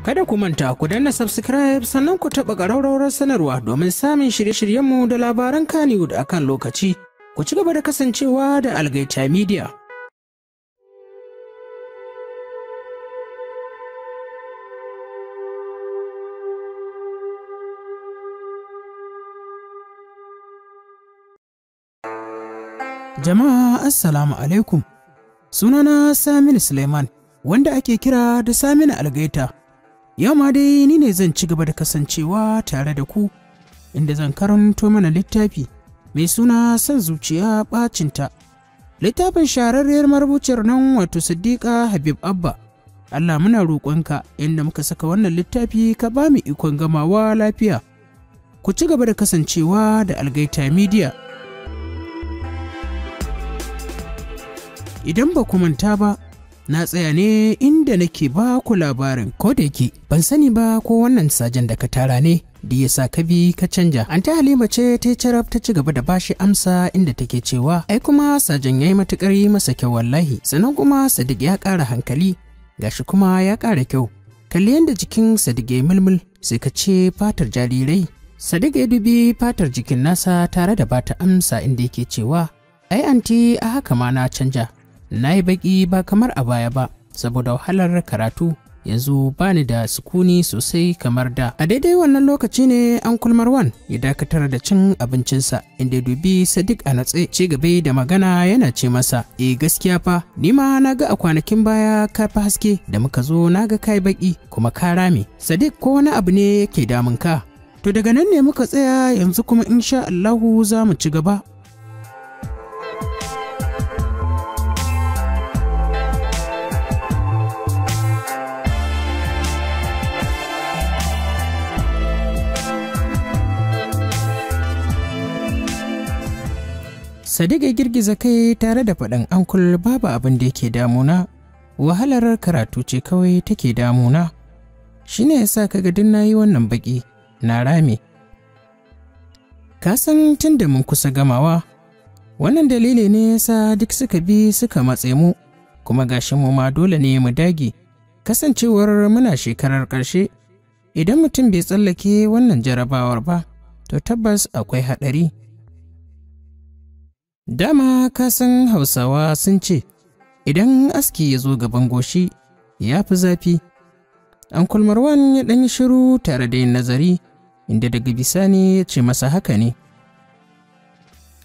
Kada ku manta ku danna subscribe sannan ku taɓa ƙararrawar sanarwa domin samun shirye-shiryenmu da labaran Kannywood a kan lokaci. Ku ci gaba da kasancewa da Algaita Media. Jama'a Assalamu alaikum. Sunana Saminu Suleiman, wanda ake kira da Saminu Algaita. Yau ma dai ni ne zan ci gaba da kasancewa tare da ku, inda zan karanto mana littafi mai suna son zuciya bacinta, Littafin shahararriyar marubuciyar nan wato Siddiƙa Habib Abba. Allah muna roƙonka inda muka saka wannan littafi ka ba mu ikon gamawa lafiya. Ku ci gaba da kasancewa da Algaita Media. Idan ba ku manta ba, na tsaya ne inda nake ba ku labarin ko da yake ban sani ba ko wannan sajen da ka tara ne da ya sa ka bi ka canja an ta halima ce ta carab ta ci gaba da bashi amsa inda take cewa ai kuma sajan yayi matukar yi masa kyau wallahi Sanan kuma sadiq ya ƙara hankali gashi kuma ya ƙara kyau kalli yadda jikin sadiq ya mulmul sai ka ce fatar jarirai sadiq ya dubi fatar jikin nasa tare da bata amsa inda yake cewa ai anti a haka ma na canja na yi baƙi ba kamar a baya ba saboda wahalar karatu yanzu ba ni da sukuni sosai kamar da a daidai wannan lokaci ne an kulmar wan ya dakatar da cin abincinsa inda dubi sadiq a natse ci gaba da magana yana ce masa e gaskiya fa ni ma na ga a kwanakin baya ka fi haske da muka zo na ga kai baki kuma ka rame sadiq ko wani abu ne yake damun ka to daga nan ne muka tsaya yanzu kuma insha Allahu za mu ci gaba Sadiq girgiza kai tare da faɗin ankul babu abin da yake damuna, wahalar karatu ce kawai take damuna. Shi ne ya sa kaga duk na yi wannan baƙi, na rame. kasan san tun da mun kusa gamawa, wannan dalili ne yasa sa duk suka bi suka matse mu, kuma gashi mu ma dole ne mu dage, kasancewar muna shekarar ƙarshe. Idan mutum bai tsallake wannan jarabawar ba, to tabbas akwai haɗari. Dama kasan Hausawa sun ce, Idan aski ya zo gaban goshi, ya fi zafi. Ankul Marwan ya ɗan shiru tare da yin nazari, inda daga bisani ya ce masa haka ne.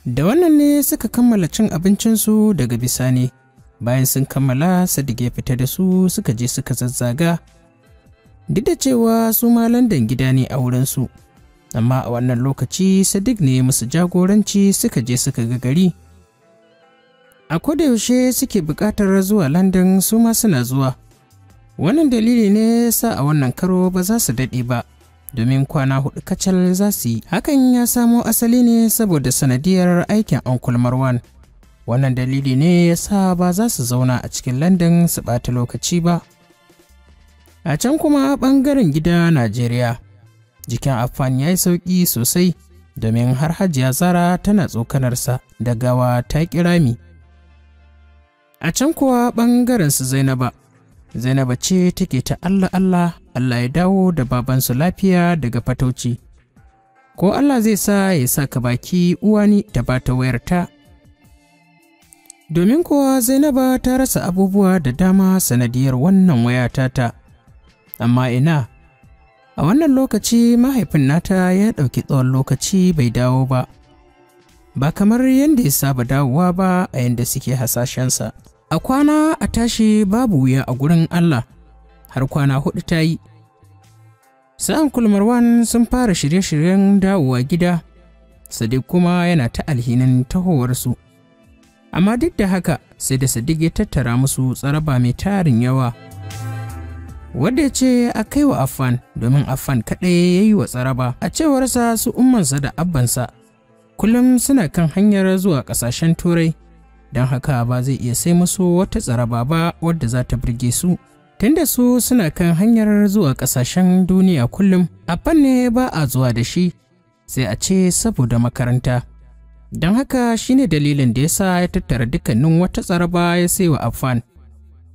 Da wannan ne suka kammala cin abincinsu daga bisani, bayan sun kammala Sadiq ya fita da su suka je suka zazzaga. Duk da cewa su ma Landan gida ne a wurinsu. su. amma a wannan lokaci sadiq ne musu jagoranci suka je suka ga gari a kodayaushe suke buƙatar zuwa london su ma suna zuwa wannan dalili ne sa a wannan karo ba za su daɗe ba domin kwana hudu kacal za su yi hakan ya samo asali ne saboda sanadiyar aikin uncle marwan wannan dalili ne ya sa ba za su zauna a cikin london su ɓata lokaci ba a can kuma ɓangaren gida najeriya Jikin Affan ya yi sauƙi sosai domin har hajiya zara tana tsokanarsa da gawa ta kirami. A can kuwa ɓangarensu Zainaba. Zainaba ce take ta Allah Allah Allah ya dawo da babansu lafiya daga fatauci. Ko Allah zai sa ya sa ka baki uwani da ba ta wayarta. Domin kuwa Zainaba ta rasa abubuwa da dama sanadiyar wannan wayata ta. Amma ina a wannan lokaci mahaifin nata ya ɗauki tsawon lokaci bai dawo ba ba kamar yadda ya saba dawowa ba a yadda suke hasashensa a kwana a tashi babu wuya a gurin allah har kwana hudu ta yi sa'an kulmarwan sun fara shirye-shiryen dawowa gida sadiq kuma yana ta alhinin tahowarsu amma duk da haka sai da sadiq ya tattara musu tsaraba mai tarin yawa wadda ya ce a kai wa afan, domin afan kaɗai ya yi wa tsaraba a cewarsa su ummansa da abbansa kullum suna kan hanyar zuwa ƙasashen turai don haka ba zai iya sai musu wata tsaraba ba wadda za ta birge su tunda su suna kan hanyar zuwa ƙasashen duniya kullum Affan ne ba a zuwa da shi sai a ce saboda makaranta don haka shine dalilin da yasa ya tattara dukkanin wata tsaraba ya sai wa Affan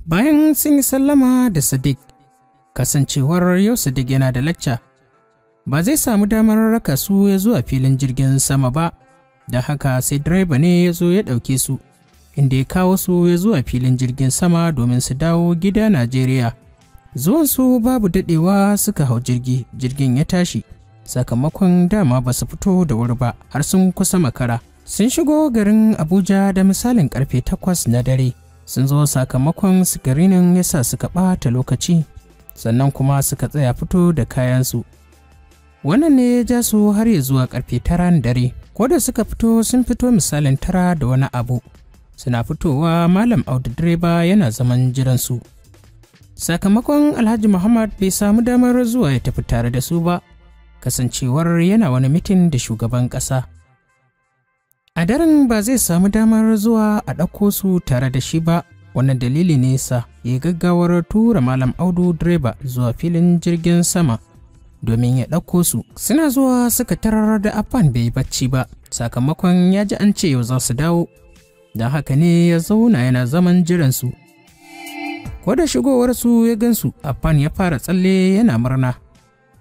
bayan sun yi sallama da Sadiq kasancewar yau duk yana da lacca ba zai samu damar raka su ya zuwa filin jirgin sama ba da haka sai direba ne ya zo ya ɗauke su inda ya kawo su ya zuwa filin jirgin sama domin su dawo gida Najeriya. Zuwan su babu daɗewa suka hau jirgi, jirgin ya tashi. Sakamakon dama ba su fito da wuri ba har sun kusa makara. Sun shigo garin Abuja da misalin karfe takwas na dare. Sun zo sakamakon sikirinin ya sa suka ɓata lokaci sannan kuma suka tsaya fito da kayansu wannan ne ya ja su har ya zuwa karfe tara na dare ko da suka fito sun fito misalin tara da wani abu suna fitowa malam audu direba yana zaman jiransu sakamakon alhaji muhammad bai samu damar zuwa ya tafi tare da su ba kasancewar yana wani mitin da shugaban ƙasa a daren ba zai samu damar zuwa a ɗauko su tare da shi ba wannan dalili ne sa ya gaggawar tura malam audu direba zuwa filin jirgin sama domin ya ɗauko su suna zuwa suka tarar da afan bai bacci ba sakamakon ya ji an ce yau za su dawo don haka ne ya zauna yana zaman jiransu ko da shigowarsu ya gansu afan ya fara tsalle yana murna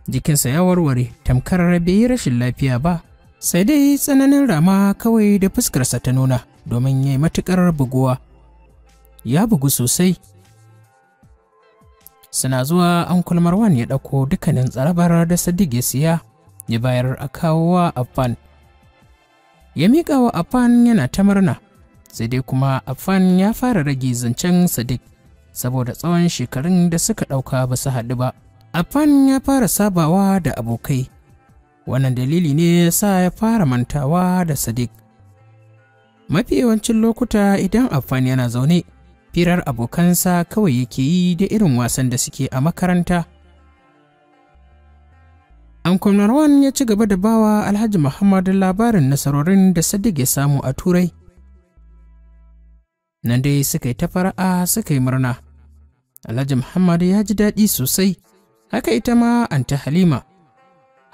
jikinsa ya warware tamkar bai yi rashin lafiya ba sai dai tsananin rama kawai da fuskarsa ta nuna domin ya yi matuƙar buguwa ya bugu sosai suna zuwa an kulmarwan ya ɗauko dukkanin tsarabar da sadiq ya siya ya bayar a kawo wa afan ya miƙa wa afan yana ta murna sai dai kuma afan ya fara rage zancen sadiq saboda tsawon shekarun da suka ɗauka ba su haɗu ba afan ya fara sabawa da abokai wannan dalili ne ya sa ya fara mantawa da sadiq mafi yawancin lokuta idan afan yana zaune firar abokansa kawai yake yi da irin wasan da suke a makaranta Ankon Narwan ya ci gaba da bawa Alhaji Muhammad labarin nasarorin da Sadiq ya samu a Turai. Nan dai suka yi ta fara'a suka yi murna. Alhaji Muhammad ya ji daɗi sosai, haka ita ma an ta Halima.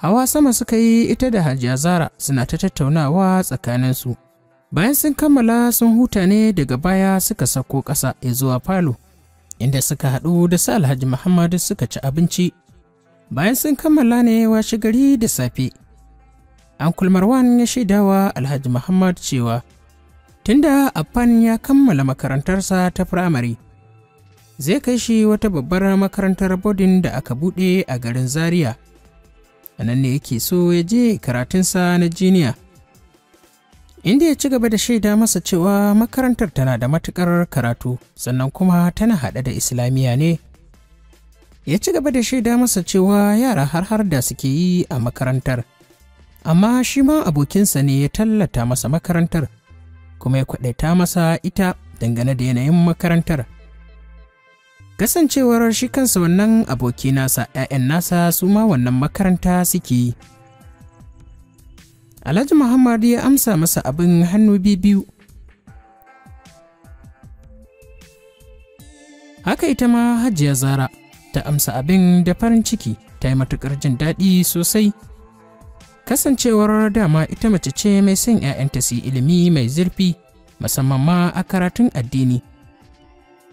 Hawa sama suka yi ita da Hajiya Zara suna ta tattaunawa tsakaninsu. bayan sun kammala sun huta ne daga baya suka sako ƙasa ya zuwa falo inda suka haɗu da sa alhaji muhammad suka ci abinci bayan sun kammala ne washe gari da safe kulmar marwan ya shaidawa alhaji muhammad cewa tunda Appan ya kammala makarantarsa ta firamare zai kai shi wata babbar makarantar bodin da aka buɗe a garin zaria a nan ne yake so ya je karatunsa na jiniya inda ya ci gaba da shaida masa cewa makarantar tana da matukar karatu sannan kuma tana haɗe da islamiyya ne ya ci gaba da shaida masa cewa yara har har da suke yi a makarantar amma shi ma abokinsa ne ya tallata masa makarantar kuma ya kwadaita masa ita dangane da yanayin makarantar kasancewar shi kansa wannan aboki nasa 'ya'yan nasa su ma wannan makaranta suke yi Alhaji Muhammad ya amsa masa abin hannu biyu. Haka ita ma Hajiya Zara ta amsa abin da farin ciki ta yi matuƙar jin daɗi sosai. Kasancewar dama ita mace ce mai son 'ya'yanta su ilimi mai zurfi musamman ma a karatun addini.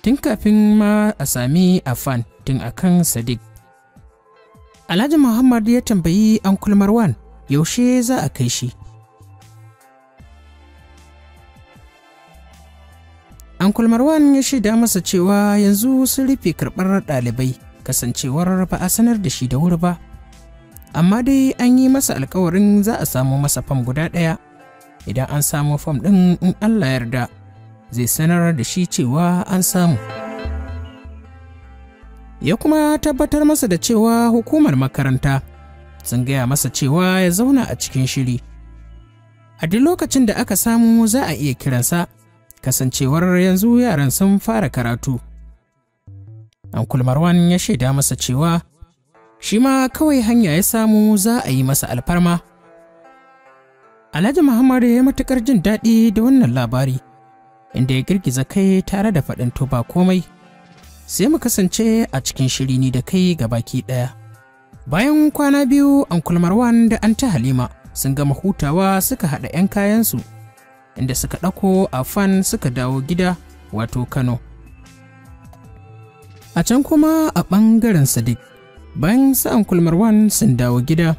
Tun kafin ma a sami afan tun akan Sadiq. Alhaji Muhammad ya tambayi kulmar wani. yaushe za a kai shi an Marwan ya shaida masa cewa yanzu sun rufe karɓar ɗalibai kasancewar ba a sanar da shi da wuri ba. Amma dai an yi masa alkawarin za a samu masa fam guda ɗaya. Idan an samu fam ɗin in Allah yarda zai sanar da shi cewa an samu. Ya kuma tabbatar masa da cewa hukumar makaranta sun gaya masa cewa ya zauna a cikin shiri a duk lokacin da aka samu za a iya kiransa kasancewar yanzu yaran sun fara karatu Ankul Marwan ya shaida masa cewa shi ma kawai hanya ya samu za a yi masa alfarma. Alhaji Muhammadu ya matuƙar jin daɗi da wannan labari, inda ya girgiza kai tare da faɗin to ba komai, sai mu kasance a cikin shiri ni da kai ga baki ɗaya. Bayan kwana biyu, Uncle Marwan da Anta Halima sun gama hutawa suka haɗa 'yan kayansu, inda suka ɗako a fan suka dawo gida wato Kano. A can kuma a ɓangaren Sadiq, bayan su Uncle Marwan sun dawo gida,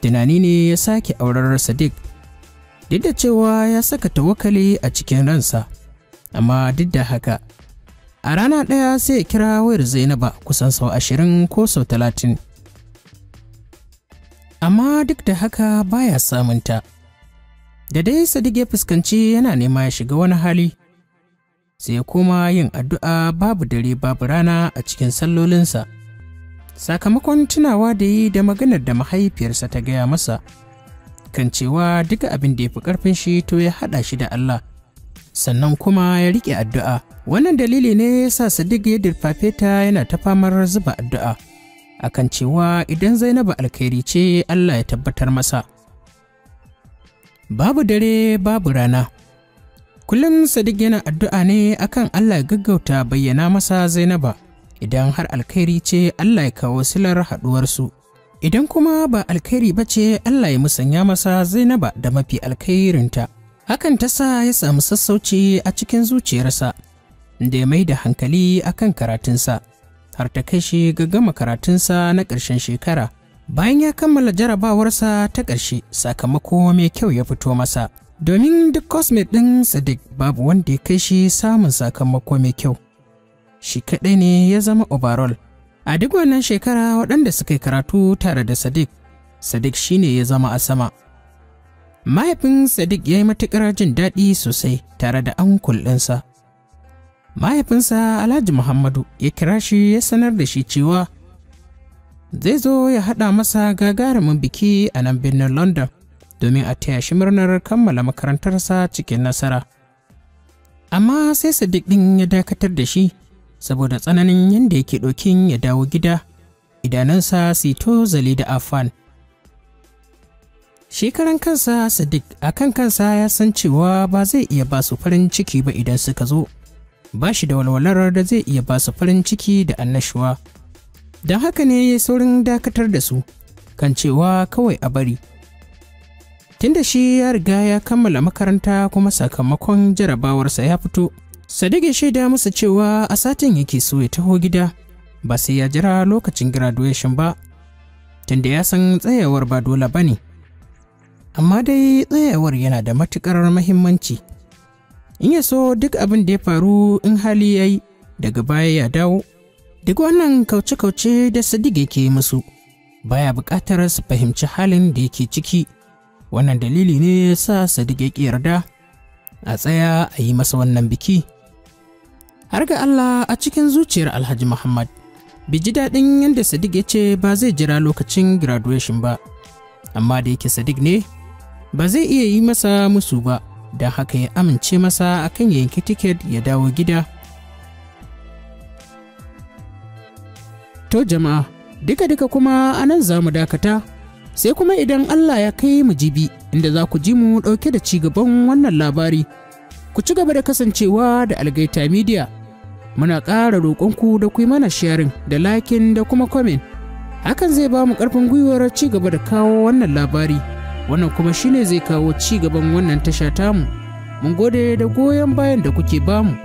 tunani ne ya sake aurar Sadiq. Duk da cewa ya saka tawakali a cikin ransa, amma duk da haka, a rana ɗaya sai ya kira wayar Zainaba kusan sau ashirin ko sau talatin. amma duk da haka baya samunta. Da dai Sadiq ya fuskanci yana nema ya shiga wani hali, sai kuma yin addu'a babu dare babu rana a cikin sallolinsa. Sakamakon tunawa da yi da maganar da mahaifiyarsa ta gaya masa, kan cewa duka abin da ya fi ƙarfin shi to ya haɗa shi da Allah, sannan kuma ya riƙe addu'a. Wannan dalili ne ya sa Sadiq ya dirfafe ta yana ta famar zuba addu'a. akan cewa idan Zainabu alkhairi ce Allah ya tabbatar masa. Babu dare babu rana. Kullum Sadiq yana addu'a ne akan Allah ya gaggauta bayyana masa Zainaba idan har alkhairi ce Allah ya kawo silar haɗuwarsu. Idan kuma ba alkhairi ba ce Allah ya musanya masa Zainaba da mafi alkhairinta. Hakan ta sa ya samu sassauci a cikin zuciyarsa da ya mai da hankali akan karatunsa. har ta kai shi ga gama karatunsa na ƙarshen shekara. Bayan ya kammala jarabawarsa ta ƙarshe sakamako mai kyau ya fito masa. Domin duk cosmet ɗin Sadiq babu wanda ya kai shi samun sakamako mai kyau. Shi kaɗai ne ya zama overall. A duk wannan shekara waɗanda suka yi karatu tare da Sadiq, Sadiq shine ya zama a sama. Mahaifin Sadiq ya yi matuƙar jin daɗi sosai tare da ankul ɗinsa. mahaifinsa alhaji muhammadu ya kira shi ya sanar da shi cewa zai zo ya haɗa masa gagarumin biki a nan birnin london domin a taya shi murnar kammala makarantarsa cikin nasara amma sai sadiq ɗin ya dakatar da shi saboda tsananin yadda yake ɗokin ya dawo gida idanunsa su to zali da afan Shekaran kansa sadiq a kan kansa ya san cewa ba zai iya ba su farin ciki ba idan suka zo ba shi da walwalar da zai iya ba su farin ciki da annashuwa don haka ne ya saurin dakatar da su kan cewa kawai a bari tunda shi ya riga ya kammala makaranta kuma sakamakon jarabawarsa ya fito sadiq ya shaida musu cewa a satin yake so ya taho gida ba sai ya jira lokacin graduation ba tunda ya san tsayawar ba dole ba ne amma dai tsayawar yana da matuƙar mahimmanci in ya so duk abin da ya faru in hali ya yi daga baya ya dawo duk wannan kauce-kauce da sadiq yake musu baya buƙatar su fahimci halin da yake ciki wannan dalili ne ya sa sadiq ya yarda a tsaya a yi masa wannan biki har ga allah a cikin zuciyar alhaji muhammad bai ji daɗin yadda sadiq ya ce ba zai jira lokacin graduation ba amma da yake sadiq ne ba zai iya yi masa musu ba Da haka ya amince masa akan ya yanki tiket ya dawo gida to jama'a duka-duka kuma a nan za mu dakata sai kuma idan allah ya kai mu jibi inda za ku ji mu ɗauke da ci gaban wannan labari ku ci gaba da kasancewa da algaita media muna ƙara roƙonku da ku yi mana sharing da lakin da kuma comment hakan zai ba mu ƙarfin gwiwar ci gaba da kawo wannan labari. wannan kuma shine zai kawo ci gaban wannan tasha tamu mun gode da goyon bayan da kuke bamu